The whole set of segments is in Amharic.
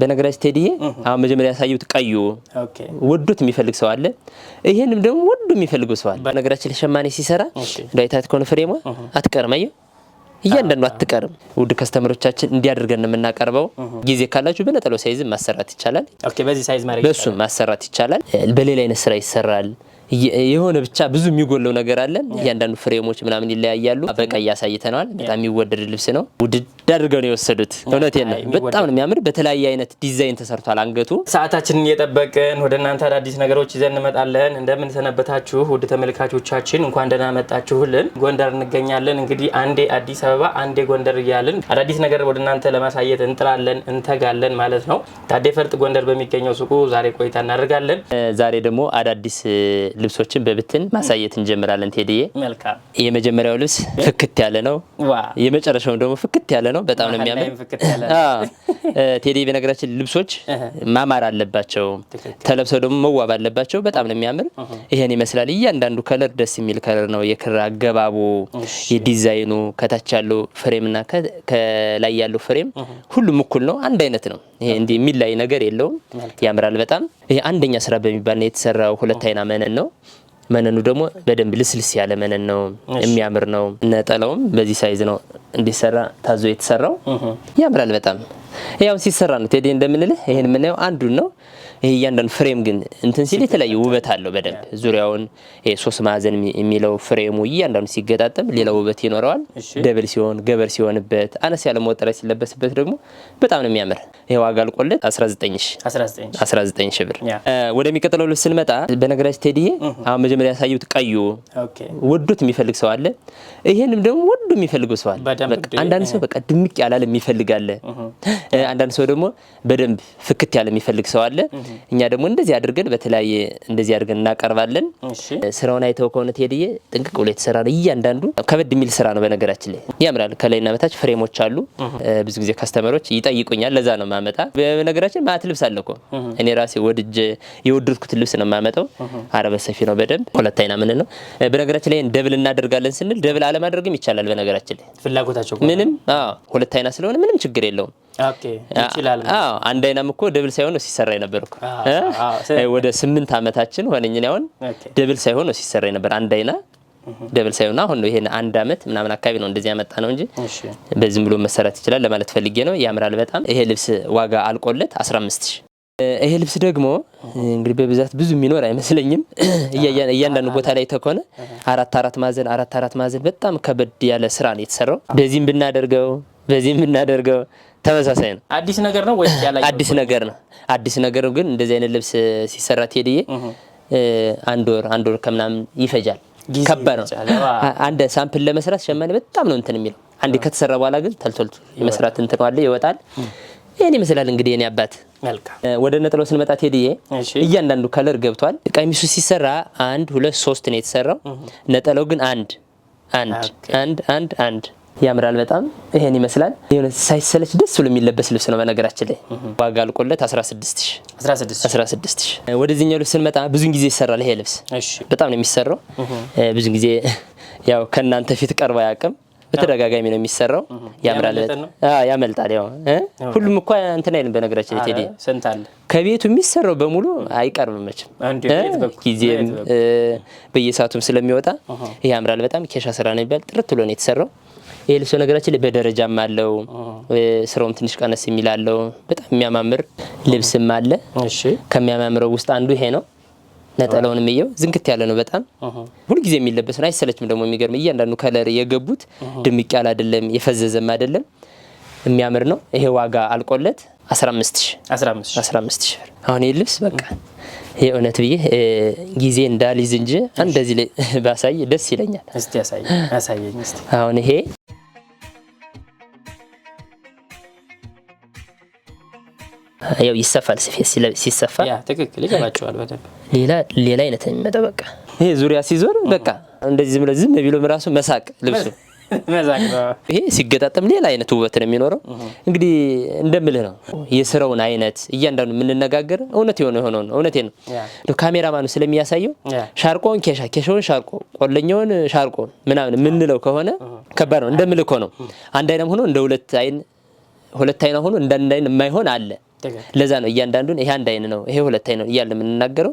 በነገራችን ቴዲዬ አሁን መጀመሪያ ያሳዩት ቀዩ ወዶት የሚፈልግ ሰው አለ። ይሄንም ደግሞ ወዶ የሚፈልገው ሰው አለ። በነገራችን ለሸማኔ ሲሰራ ዳይታት ከሆነ ፍሬሟ አትቀርም። አየሁ እያንዳንዱ አትቀርም። ውድ ከስተመሮቻችን እንዲያደርገን ነው የምናቀርበው። ጊዜ ካላችሁ በነጠላው ሳይዝ ማሰራት ይቻላል። በሱ ማሰራት ይቻላል። በሌላ አይነት ስራ ይሰራል። የሆነ ብቻ ብዙ የሚጎለው ነገር አለን። እያንዳንዱ ፍሬሞች ምናምን ይለያያሉ። በቀይ አሳይተነዋል። በጣም የሚወደድ ልብስ ነው ውድድ ዳድርገው ነው የወሰዱት። እውነት ነው። በጣም ነው የሚያምር። በተለያየ አይነት ዲዛይን ተሰርቷል አንገቱ። ሰዓታችንን እየጠበቅን ወደ እናንተ አዳዲስ ነገሮች ይዘን እንመጣለን። እንደምንሰነበታችሁ ውድ ተመልካቾቻችን እንኳን ደህና መጣችሁልን። ጎንደር እንገኛለን። እንግዲህ አንዴ አዲስ አበባ አንዴ ጎንደር እያልን አዳዲስ ነገር ወደ እናንተ ለማሳየት እንጥራለን፣ እንተጋለን ማለት ነው። ታዴ ፈርጥ ጎንደር በሚገኘው ሱቁ ዛሬ ቆይታ እናደርጋለን። ዛሬ ደግሞ አዳዲስ ልብሶችን በብትን ማሳየት እንጀምራለን። ቴዲዬ መልካም። የመጀመሪያው ልብስ ፍክት ያለ ነው። የመጨረሻውም ደግሞ ፍክት ያለ ነው። ነው። በጣም ነው የሚያምር። ቴዲ በነገራችን ልብሶች ማማር አለባቸው፣ ተለብሰው ደግሞ መዋብ አለባቸው። በጣም ነው የሚያምር። ይሄን ይመስላል። እያንዳንዱ ከለር ደስ የሚል ከለር ነው። የክር አገባቡ፣ የዲዛይኑ ከታች ያለው ፍሬምና ከላይ ያለው ፍሬም ሁሉም እኩል ነው፣ አንድ አይነት ነው። ይሄ እንዲህ የሚላይ ነገር የለውም። ያምራል በጣም። ይሄ አንደኛ ስራ በሚባል ነው የተሰራው። ሁለት አይና መነን ነው መነኑ ደግሞ በደንብ ልስልስ ያለ መነን ነው፣ የሚያምር ነው። ነጠላውም በዚህ ሳይዝ ነው እንዲሰራ ታዞ የተሰራው ያምራል በጣም ያው ሲሰራ ነው ቴዲ እንደምንልህ ይሄን የምናየው አንዱን ነው። ይሄ እያንዳንዱ ፍሬም ግን እንትን ሲል የተለያየ ውበት አለው። በደንብ ዙሪያውን ይሄ ሶስት ማዕዘን የሚለው ፍሬሙ እያንዳንዱ ሲገጣጠም ሌላ ውበት ይኖረዋል። ደብል ሲሆን ገበር ሲሆንበት፣ አነስ ያለ መወጠሪያ ሲለበስበት ደግሞ በጣም ነው የሚያምር። ይሄ ዋጋ አልቆለት 19 ሺ ብር። ወደሚቀጥለው ልብስ ስንመጣ በነገራችን ቴዲ አሁን መጀመሪያ ያሳዩት ቀዩ ወዶት የሚፈልግ ሰው አለ። ይሄንም ደግሞ ወዶ የሚፈልገው ሰው አለ። አንዳንድ ሰው በቃ ድምቅ ያላለ የሚፈልጋለ አንዳንድ ሰው ደግሞ በደንብ ፍክት ያለ የሚፈልግ ሰው አለ። እኛ ደግሞ እንደዚህ አድርገን በተለያየ እንደዚህ አድርገን እናቀርባለን። ስራውን አይተው ከሆነ ትሄድዬ ጥንቅቅ ብሎ የተሰራ ነው። እያንዳንዱ ከበድ የሚል ስራ ነው። በነገራችን ላይ ያምራል። ከላይና በታች ፍሬሞች አሉ። ብዙ ጊዜ ካስተመሮች ይጠይቁኛል። ለዛ ነው ማመጣ። በነገራችን ማት ልብስ አለ እኮ እኔ ራሴ ወድጄ የወደድኩት ልብስ ነው የማመጣው። አረበ ሰፊ ነው በደንብ ሁለት አይና ምን ነው በነገራችን ላይ ደብል እናደርጋለን ስንል ደብል አለማድረግም ይቻላል። በነገራችን ላይ ፍላጎታቸው ምንም ሁለት አይና ስለሆነ ምንም ችግር የለውም። አንድ አይናም እኮ ደብል ሳይሆን ነው ሲሰራ የነበርኩ ወደ ስምንት አመታችን ሆነኝ። አሁን ደብል ሳይሆን ነው ሲሰራ የነበር አንድ አይና ደብል ሳይሆን አሁን ነው ይሄን አንድ አመት ምናምን አካባቢ ነው እንደዚህ ያመጣ ነው እንጂ በዚህም ብሎ መሰራት ይችላል ለማለት ፈልጌ ነው። ያምራል በጣም ይሄ ልብስ ዋጋ አልቆለት 15 ሺህ ይሄ ልብስ ደግሞ እንግዲህ በብዛት ብዙ የሚኖር አይመስለኝም። እያንዳንዱ ቦታ ላይ ተኮነ አራት አራት ማዕዘን አራት አራት ማዕዘን በጣም ከበድ ያለ ስራ ነው የተሰራው። በዚህም ብናደርገው በዚህም ብናደርገው ተመሳሳይ ነው። አዲስ ነገር ነው ወይስ ያላ አዲስ ነገር ነው። አዲስ ነገር ግን እንደዚህ አይነት ልብስ ሲሰራ ቴዲዬ አንድ ወር አንድ ወር ከምናምን ይፈጃል። ከባድ ነው። አንድ ሳምፕል ለመስራት ሸማኔ በጣም ነው እንትን የሚለው። አንዴ ከተሰራ በኋላ ግን ተልቶልቶ የመስራት እንትን አለ፣ ይወጣል። ይሄን ይመስላል እንግዲህ የኔ አባት። ወደ ነጥሎ ስንመጣ ቴዲዬ እያንዳንዱ ከለር ገብቷል። ቀሚሱ ሲሰራ አንድ ሁለት ሶስት ነው የተሰራው። ነጠለው ግን አንድ አንድ አንድ አንድ አንድ ያምራል በጣም ይሄን ይመስላል። የሆነ ሳይሰለች ደስ ብሎ የሚለበስ ልብስ ነው። በነገራችን ላይ ዋጋ አልቆለት 16 ሺ። ወደዚህኛው ልብስ ስንመጣ ብዙን ጊዜ ይሰራል ይሄ ልብስ በጣም ነው የሚሰራው። ብዙን ጊዜ ያው ከእናንተ ፊት ቀርቦ አያውቅም። በተደጋጋሚ ነው የሚሰራው። ያምራል፣ ያመልጣል። ያው ሁሉም እኮ እንትን አይልም። በነገራችን ላይ ቴዲ ከቤቱ የሚሰራው በሙሉ አይቀርብም መቼም ጊዜም በየሰዓቱም ስለሚወጣ ያምራል በጣም ኬሻ ስራ ነው የሚባል ጥርት ብሎ ነው የተሰራው። ይሄ ልብስ ነገራችን ላይ በደረጃም አለው። ስራውም ትንሽ ቀነስ የሚላለው በጣም የሚያማምር ልብስም አለ። ከሚያማምረው ውስጥ አንዱ ይሄ ነው። ነጠላውን የሚየው ዝንክት ያለ ነው። በጣም ሁልጊዜ የሚለበስ ነው። አይሰለችም ደግሞ የሚገርም እያንዳንዱ ከለር የገቡት ድምቅ ያለ አይደለም፣ የፈዘዘም አይደለም። የሚያምር ነው። ይሄ ዋጋ አልቆለት 15 ሺህ ብር። አሁን ይህ ልብስ በቃ የእውነት ብዬ ጊዜ እንዳልይዝ እንጂ እንደዚህ ባሳይ ደስ ይለኛል። አሁን ይሄ ያው ይሰፋል። ሲሰፋ ትክክል ይገባቸዋል በደንብ። ሌላ ሌላ አይነት የሚመጣው በቃ ይሄ ዙሪያ ሲዞር በቃ እንደዚህ ዝም ብለህ ዝም ቢሎም ራሱ መሳቅ ልብሱ ይሄ ሲገጣጠም ሌላ አይነት ውበት ነው የሚኖረው። እንግዲህ እንደምልህ ነው የስራውን አይነት እያንዳንዱ የምንነጋገር እውነት የሆነ የሆነው ነው። እውነቴ ነው ካሜራማኑ ስለሚያሳየው ሻርቆውን ኬሻ፣ ኬሻውን ሻርቆ፣ ቆለኛውን ሻርቆ ምናምን የምንለው ከሆነ ከባድ ነው። እንደምልህ እኮ ነው አንድ አይነም ሆኖ እንደ ሁለት አይን ሁለት አይና ሆኖ እንዳንድ አይን የማይሆን አለ ለዛ ነው እያንዳንዱን ይሄ አንድ አይን ነው፣ ይሄ ሁለት አይን ነው እያለ የምንናገረው።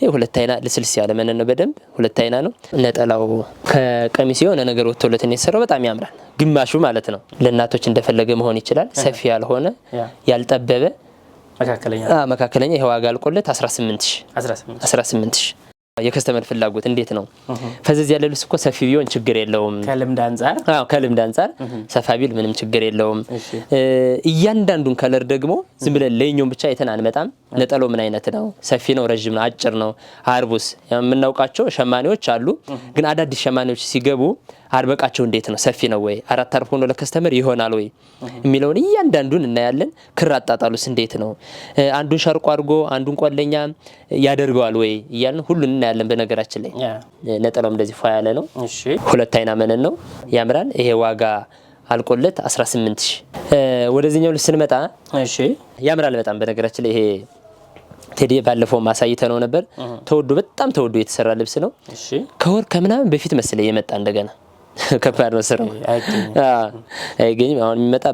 ይሄ ሁለት አይና ልስልስ ያለ መነን ነው፣ በደንብ ሁለት አይና ነው። ነጠላው ከቀሚስ የሆነ ነገር ወጥቶለት ነው የተሰራው። በጣም ያምራል። ግማሹ ማለት ነው ለእናቶች እንደፈለገ መሆን ይችላል። ሰፊ ያልሆነ ያልጠበበ መካከለኛ መካከለኛ። ይሄ ዋጋ አልቆለት 18 ሺህ 18 ሺህ የከስተመር ፍላጎት እንዴት ነው? ፈዘዝ ያለ ልብስ እኮ ሰፊ ቢሆን ችግር የለውም። ከልምድ አንጻር አዎ፣ ከልምድ አንጻር ሰፋ ቢል ምንም ችግር የለውም። እያንዳንዱን ከለር ደግሞ ዝም ብለን ለኛውም ብቻ አይተን አንመጣም። ነጠሎ ምን አይነት ነው? ሰፊ ነው? ረዥም ነው? አጭር ነው? አርቡስ የምናውቃቸው ሸማኔዎች አሉ። ግን አዳዲስ ሸማኔዎች ሲገቡ አርበቃቸው እንዴት ነው? ሰፊ ነው ወይ? አራት አርብ ሆኖ ለከስተመር ይሆናል ወይ የሚለውን እያንዳንዱን እናያለን። ክር አጣጣሉስ እንዴት ነው? አንዱን ሸርቆ አድርጎ አንዱን ቆለኛ ያደርገዋል ወይ እያልን ሁሉን እናያለን። በነገራችን ላይ ነጠላው እንደዚህ ፏ ያለ ነው። ሁለት አይና መነን ነው፣ ያምራል። ይሄ ዋጋ አልቆለት 18 ወደዚህኛው ወደዚህኛው ስንመጣ ያምራል በጣም በነገራችን ላይ ይሄ ቴዲ ባለፈው ማሳይተ ነው ነበር ተወዶ በጣም ተወዶ የተሰራ ልብስ ነው። ከወር ከምናምን በፊት መስለ የመጣ እንደገና ከባድ ነው ስራው፣ አይገኝም። አሁን የሚመጣ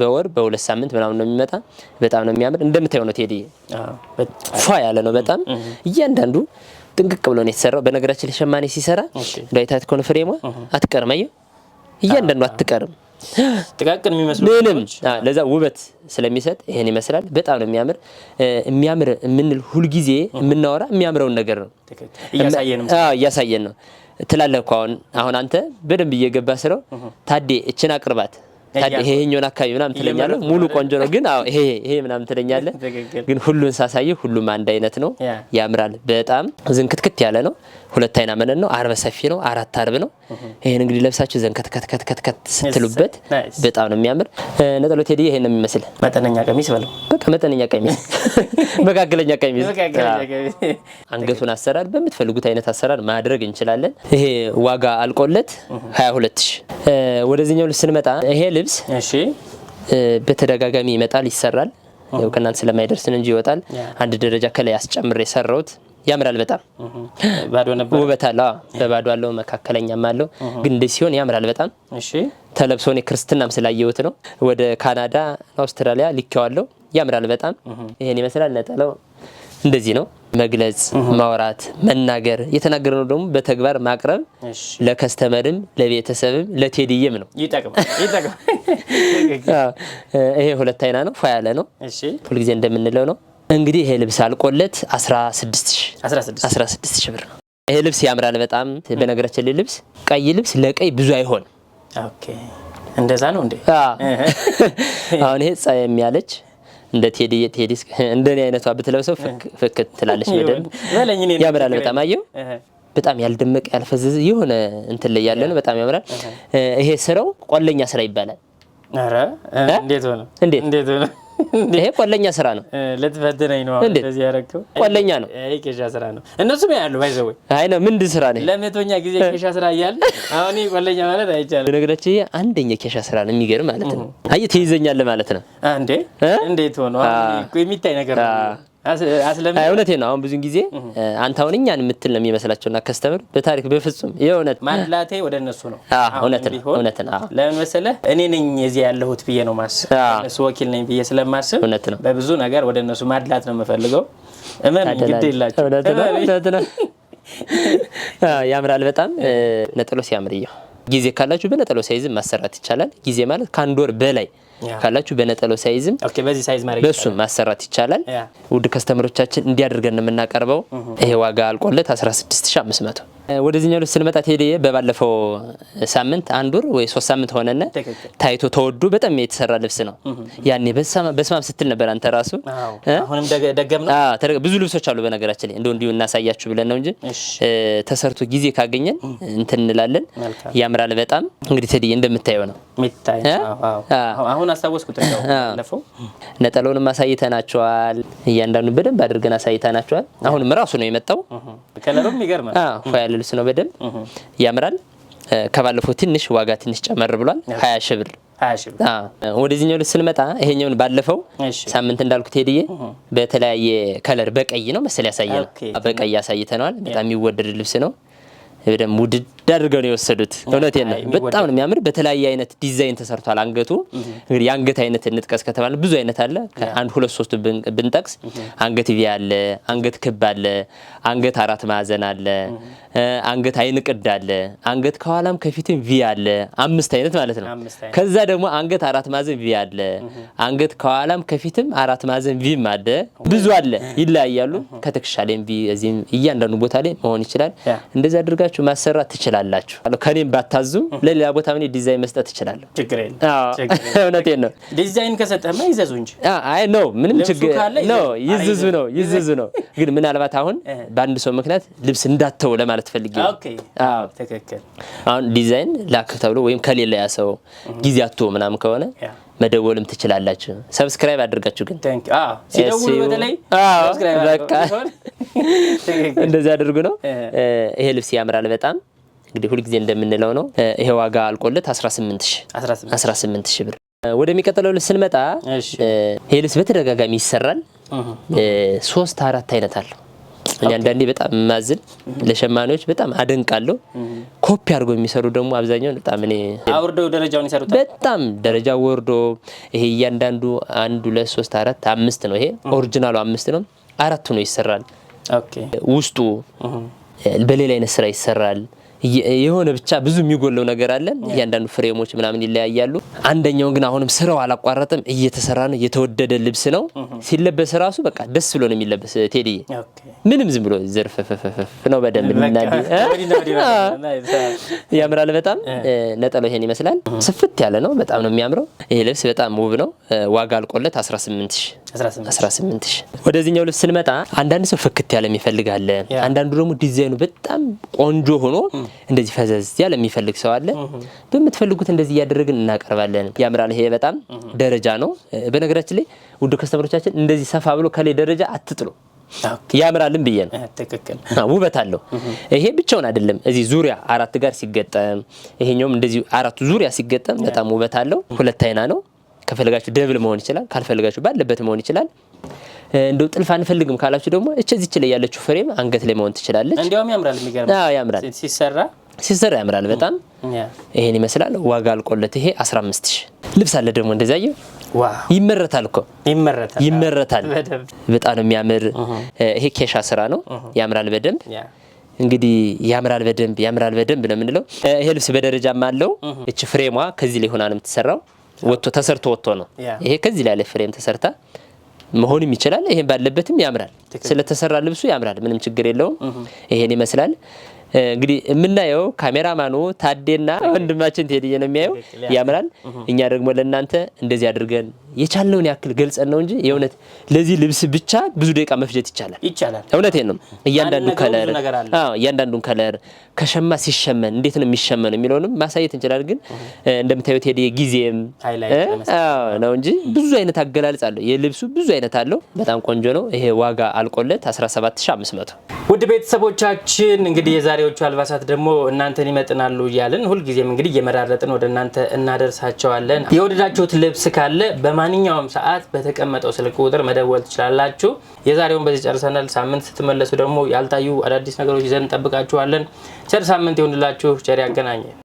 በወር በሁለት ሳምንት ምናምን ነው የሚመጣ። በጣም ነው የሚያምር እንደምታየው ነው። ቴዲ ፏ ያለ ነው በጣም እያንዳንዱ ጥንቅቅ ብሎ ነው የተሰራው። በነገራችን ለሸማኔ ሲሰራ ዳይታት ከሆነ ፍሬሟ አትቀርም፣ እያንዳንዱ አትቀርም ጥቃቅን የሚመስሉ ምንም ለዛ ውበት ስለሚሰጥ ይሄን ይመስላል። በጣም ነው የሚያምር የሚያምር የምንል ሁልጊዜ የምናወራ የሚያምረውን ነገር ነው እያሳየን ነው ትላለህ እኮ አሁን አሁን አንተ በደንብ እየገባ ስለው ታዴ እችን አቅርባት ይሄኛውን አካባቢ ምናምን ትለኛለህ። ሙሉ ቆንጆ ነው ግን ይሄ ይሄ ምናምን ትለኛለህ። ግን ሁሉን ሳሳይ ሁሉም አንድ አይነት ነው፣ ያምራል። በጣም ዝንክትክት ያለ ነው። ሁለት አይና መነን ነው። አርበ ሰፊ ነው። አራት አርብ ነው። ይሄን እንግዲህ ለብሳችሁ ዘንከትከትከትከት ስትሉበት በጣም ነው የሚያምር። ነጠሎ ቴዲ ይሄን ነው የሚመስል መጠነኛ ቀሚስ በለው በቃ መጠነኛ ቀሚስ፣ መካከለኛ ቀሚስ። አንገቱን አሰራር በምትፈልጉት አይነት አሰራር ማድረግ እንችላለን። ይሄ ዋጋ አልቆለት 22 ሺህ። ወደዚህኛው ልብስ ስንመጣ ይሄ ልብስ በተደጋጋሚ ይመጣል፣ ይሰራል። ያው ከእናንተ ስለማይደርስን እንጂ ይወጣል። አንድ ደረጃ ከላይ አስጨምሬ የሰራሁት ያምራል። በጣም ባዶ ነበር፣ ውበት አለው። በባዶ አለው፣ መካከለኛም አለው። ግን እንደዚህ ሲሆን ያምራል በጣም እሺ። ተለብሶ እኔ ክርስትናም ስላየሁት ነው። ወደ ካናዳ፣ አውስትራሊያ ልኬዋለሁ። ያምራል በጣም ይሄን ይመስላል ነጠለው እንደዚህ ነው መግለጽ፣ ማውራት፣ መናገር የተናገረው ደግሞ በተግባር ማቅረብ ለከስተመርም፣ ለቤተሰብም፣ ለቴዲየም ነው ይጠቅማል። ይሄ ሁለት አይና ነው፣ ፏ ያለ ነው። ሁልጊዜ እንደምንለው ነው። እንግዲህ ይሄ ልብስ አልቆለት 16 ሺህ ብር ነው። ይሄ ልብስ ያምራል በጣም በነገራችን ላይ ልብስ ቀይ ልብስ ለቀይ ብዙ አይሆን እንደዛ ነው እንዴ? አሁን ይሄ ጸየም ያለች እንደ ቴዲ ቴዲ እንደኔ አይነቷ ብትለብሰው ፍክ ትላለች። በደንብ ያምራል። በጣም አየው። በጣም ያልደመቀ ያልፈዘዘ የሆነ እንትን ላይ ያለ ነው። በጣም ያምራል። ይሄ ስራው ቆለኛ ስራ ይባላል። ኧረ እንዴት ሆነ? እንዴት ሆነ? ይሄ ቆለኛ ስራ ነው። ልትፈትነኝ ነው አሁን እንደዚህ ያደረገው? ቆለኛ ነው። ይሄ ቄሻ ስራ ነው። እነሱም ያሉ ባይዘው አይ ነው ምንድን ስራ ነው? ለመቶኛ ጊዜ ቄሻ ስራ እያለ አሁን ቆለኛ ማለት አይቻልም። ነገራችን አንደኛ ቄሻ ስራ ነው። የሚገርም ማለት ነው። አየህ ትይዘኛለህ ማለት ነው። እንዴ እንዴት ሆኖ የሚታይ ነገር ነው እውነቴ ነው። አሁን ብዙ ጊዜ አንተ አሁን እኛን የምትል ነው እና ከስተምር በታሪክ በፍጹም የእውነት ማድላቴ ወደ እነሱ ነው። እውነት ነው፣ እውነት ነው። ለምን መሰለህ እኔ ነኝ እዚህ ያለሁት ብዬ ነው ማስብ፣ እነሱ ወኪል ነኝ ብዬ ስለማስብ እውነት ነው። በብዙ ነገር ወደ እነሱ ማድላት ነው የምፈልገው። እመን ግድ የላቸው። እውነት ነው። ያምራል በጣም ነጠሎ ሲያምር እየው ጊዜ ካላችሁ በነጠሎ ሳይዝ ማሰራት ይቻላል። ጊዜ ማለት ከአንድ ወር በላይ ካላችሁ በነጠለው ሳይዝም በሱም ማሰራት ይቻላል። ውድ ከስተምሮቻችን እንዲያደርገን የምናቀርበው ይሄ ዋጋ አልቆለት 16500 ወደዚህኛው ልብስ ስንመጣ ቴዲዬ በባለፈው ሳምንት አንድ ወር ወይ ሶስት ሳምንት ሆነነ ታይቶ ተወዶ በጣም የተሰራ ልብስ ነው። ያኔ በስማም ስትል ነበር አንተ ራሱ። ብዙ ልብሶች አሉ በነገራችን ላይ እንደው እንዲሁ እናሳያችሁ ብለን ነው እንጂ ተሰርቶ ጊዜ ካገኘን እንትን እንላለን። ያምራል በጣም እንግዲህ ቴዲዬ እንደምታየው ነው። አሁን አስታወስኩት። ነጠላውንም አሳይተናቸዋል። እያንዳንዱ በደንብ አድርገን አሳይተናቸዋል። አሁንም ራሱ ነው የመጣው ከለሩም ይገርማል ልብስ ነው። በደንብ ያምራል። ከባለፈው ትንሽ ዋጋ ትንሽ ጨመር ብሏል። ሀያ ሺህ ብር ወደዚህኛው ልብስ ስንመጣ ይሄኛውን ባለፈው ሳምንት እንዳልኩት ሄድዬ በተለያየ ከለር በቀይ ነው መሰል ነው። በቀይ አሳይተነዋል። በጣም የሚወደድ ልብስ ነው። ደግሞ ውድድ አድርገው ነው የወሰዱት። እውነት ነው፣ በጣም ነው የሚያምር። በተለያየ አይነት ዲዛይን ተሰርቷል። አንገቱ እንግዲህ የአንገት አይነት እንጥቀስ ከተባለ ብዙ አይነት አለ። ከአንድ ሁለት ሶስቱ ብንጠቅስ አንገት ቪ አለ፣ አንገት ክብ አለ፣ አንገት አራት ማዕዘን አለ፣ አንገት አይን ቅድ አለ፣ አንገት ከኋላም ከፊትም ቪ አለ። አምስት አይነት ማለት ነው። ከዛ ደግሞ አንገት አራት ማዕዘን ቪ አለ፣ አንገት ከኋላም ከፊትም አራት ማዕዘን ቪም አለ። ብዙ አለ፣ ይለያያሉ። ከትከሻ ላይም ቪ እዚህም እያንዳንዱ ቦታ ላይ መሆን ይችላል። እንደዚህ አድርጋችሁ ሰርታችሁ ማሰራት ትችላላችሁ። ከኔም ባታዙ ለሌላ ቦታ ምን ዲዛይን መስጠት እችላለሁ። እውነቴን ነው። ዲዛይን ከሰጠማ ይዘዙ እንጂ አይ ነው ምንም ችግር ነው። ይዝዙ ነው ይዝዙ ነው። ግን ምናልባት አሁን በአንድ ሰው ምክንያት ልብስ እንዳተው ለማለት ፈልጌ ነው። አሁን ዲዛይን ላክ ተብሎ ወይም ከሌላ ያሰው ጊዜ አቶ ምናምን ከሆነ መደወልም ትችላላችሁ። ሰብስክራይብ አድርጋችሁ ግን እንደዚህ አድርጉ ነው። ይሄ ልብስ ያምራል በጣም እንግዲህ ሁልጊዜ እንደምንለው ነው። ይሄ ዋጋ አልቆለት 18 ሺህ ብር። ወደሚቀጥለው ልብስ ስንመጣ ይሄ ልብስ በተደጋጋሚ ይሰራል። ሶስት አራት አይነት አለው እኔ አንዳንዴ በጣም ማዝን ለሸማኔዎች በጣም አደንቃለሁ። ኮፒ አድርገው የሚሰሩ ደግሞ አብዛኛውን በጣም እኔ አውርደው ደረጃውን ይሰሩታል። በጣም ደረጃው ወርዶ ይሄ እያንዳንዱ አንድ ሁለት ሶስት አራት አምስት ነው። ይሄ ኦሪጂናሉ አምስት ነው፣ አራቱ ነው ይሰራል። ውስጡ በሌላ አይነት ስራ ይሰራል። የሆነ ብቻ ብዙ የሚጎለው ነገር አለ። እያንዳንዱ ፍሬሞች ምናምን ይለያያሉ። አንደኛውን ግን አሁንም ስራው አላቋረጥም፣ እየተሰራ ነው። የተወደደ ልብስ ነው። ሲለበስ ራሱ በቃ ደስ ብሎ ነው የሚለበስ። ቴዲ ምንም ዝም ብሎ ዘርፍፍፍፍ ነው። በደንብ ያምራል። በጣም ነጠላው ይሄን ይመስላል። ስፍት ያለ ነው። በጣም ነው የሚያምረው። ይሄ ልብስ በጣም ውብ ነው። ዋጋ አልቆለት 18 ሺህ 18 ወደዚህኛው ልብስ ስንመጣ አንዳንድ ሰው ፍክት ያለ የሚፈልግ አለ። አንዳንዱ ደግሞ ዲዛይኑ በጣም ቆንጆ ሆኖ እንደዚህ ፈዘዝ ያለ የሚፈልግ ሰው አለ። በምትፈልጉት እንደዚህ እያደረግን እናቀርባለን። ያምራል። ይሄ በጣም ደረጃ ነው። በነገራችን ላይ ውድ ከስተመሮቻችን እንደዚህ ሰፋ ብሎ ከላይ ደረጃ አትጥሉ። ያምራልን ብዬ ነው። ትክክል ውበት አለው። ይሄ ብቻውን አይደለም፣ እዚህ ዙሪያ አራት ጋር ሲገጠም፣ ይሄኛውም እንደዚህ አራቱ ዙሪያ ሲገጠም በጣም ውበት አለው። ሁለት አይና ነው ከፈለጋችሁ ደብል መሆን ይችላል። ካልፈለጋችሁ ባለበት መሆን ይችላል። እንደው ጥልፍ አንፈልግም ካላችሁ ደግሞ እችዚች ላይ ያለችው ፍሬም አንገት ላይ መሆን ትችላለች። እንዲያውም ያምራል፣ የሚገርም ያምራል፣ ሲሰራ ሲሰራ ያምራል በጣም ይሄን ይመስላል። ዋጋ አልቆለት ይሄ 15 ሺህ። ልብስ አለ ደግሞ እንደዚያየ ይመረታል እኮ ይመረታል። በጣም የሚያምር። ይሄ ኬሻ ስራ ነው። ያምራል በደንብ እንግዲህ ያምራል በደንብ ያምራል በደንብ ነው የምንለው። ይሄ ልብስ በደረጃም አለው። እች ፍሬሟ ከዚህ ላይ ሆና ነው የምትሰራው። ወጥቶ ተሰርቶ ወጥቶ ነው። ይሄ ከዚህ ላይ ፍሬም ተሰርታ መሆንም ይችላል። ይሄን ባለበትም ያምራል። ስለተሰራ ልብሱ ያምራል። ምንም ችግር የለውም። ይሄን ይመስላል። እንግዲህ የምናየው ካሜራማኑ ታዴና ወንድማችን ቴዲዬ ነው የሚያየው። ያምራል። እኛ ደግሞ ለእናንተ እንደዚህ አድርገን የቻልነውን ያክል ገልጸን ነው እንጂ የእውነት ለዚህ ልብስ ብቻ ብዙ ደቂቃ መፍጀት ይቻላል ይቻላል። እውነቴን ነው። እያንዳንዱ ከለር አዎ፣ እያንዳንዱን ከለር ከሸማ ሲሸመን እንዴት ነው የሚሸመነው የሚለውንም ማሳየት እንችላል። ግን እንደምታዩት ሄደ ጊዜም ነው እንጂ ብዙ አይነት አገላለጽ አለው። የልብሱ ብዙ አይነት አለው። በጣም ቆንጆ ነው። ይሄ ዋጋ አልቆለት 17500 ውድ ቤተሰቦቻችን እንግዲህ የዛሬዎቹ አልባሳት ደግሞ እናንተን ይመጥናሉ እያልን ሁልጊዜም እንግዲህ እየመራረጥን ወደ እናንተ እናደርሳቸዋለን። የወደዳችሁት ልብስ ካለ በማ በማንኛውም ሰዓት በተቀመጠው ስልክ ቁጥር መደወል ትችላላችሁ። የዛሬውን በዚህ ጨርሰናል። ሳምንት ስትመለሱ ደግሞ ያልታዩ አዳዲስ ነገሮች ይዘን እንጠብቃችኋለን። ቸር ሳምንት ይሁንላችሁ። ቸር ያገናኘ